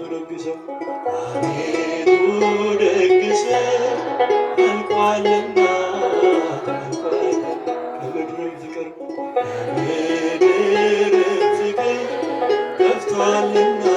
አቤቱ ለግሰው አቤቱ ደግሰው አልቋልና ፍቅር ፍቅር ጠፍቷልና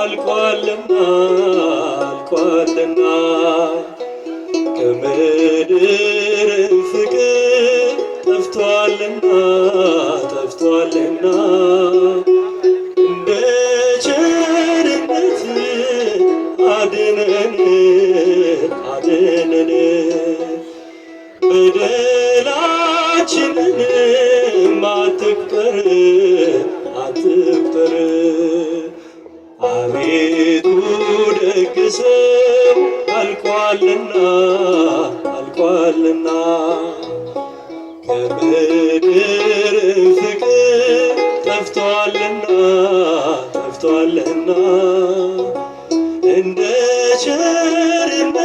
አልቋልና አልቋልና ከምድር ፍቅር ጠፍቷልና ጠፍቷልና እንደ ቸርነት አድነን አድነን በደላችንን አትቁጠር አትቁጠር አልቋልና አልቋልና ከምድር ፍቅር ጠፍቷልና ጠፍቷልና እንደ ቸርነት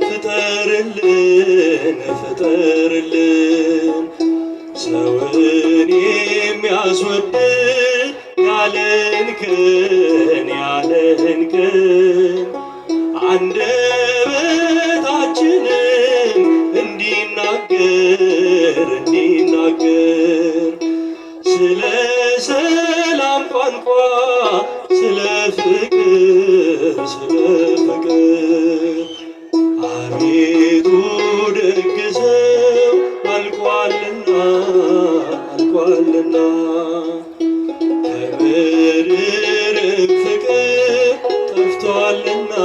ፍጠርልን ፍጠርልን ፍጠርልን ሰውን የሚያስወድ ያለንክን ያለንክን አንደበታችንን እንዲናገር እንዲናገር চলে না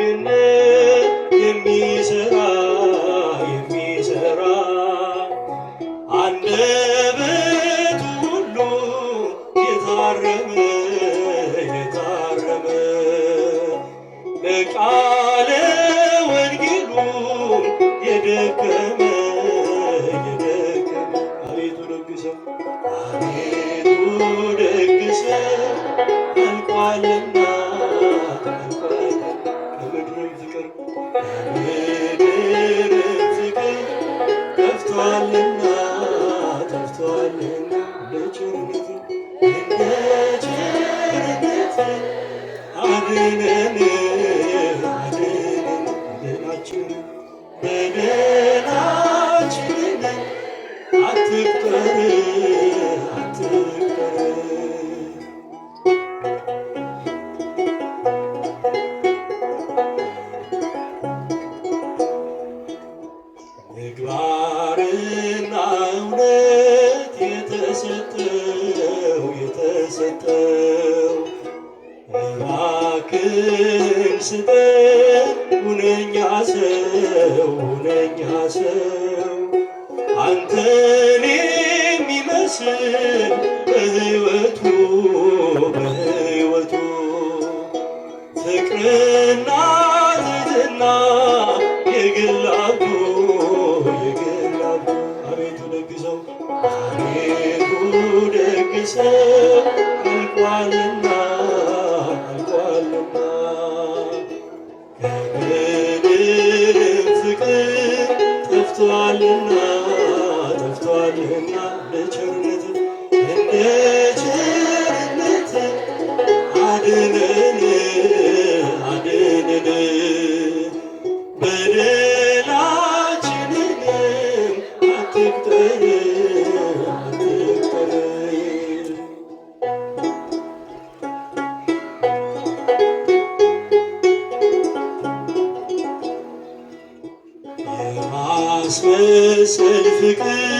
ደግነት የሚሰራ የሚሰራ አንደበቱ ሁሉ የታረመ የታረመ ለቃለ ምግባርና እውነት የተሰጠው የተሰጠው ያክል ስጠን ሁነኛ ሰው ሁነኛ ሰው አንተን የሚመስል በህይወቱ በህይወቱ ፍቅርና ትትና የግላቱ የግላቱ አቤቱ ደግሰው አቤቱ ደግሰው Yoluna ne körledi Ne cehennemde Adileni Adileni Beril acilenim Artık değil Artık değil Yılmaz mesel fikir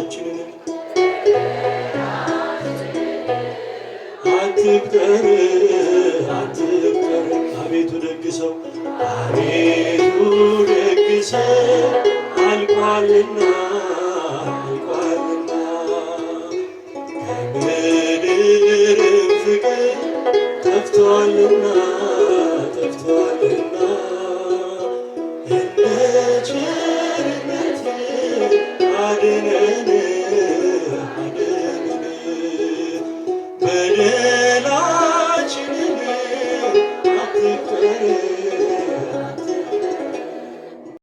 ልባችንን አትቅጠር አትቅጠር አቤቱ ደግሰው አቤቱ ደግሰው አልቋልና አልቋልና ከምድር ፍቅር ጠፍቷልና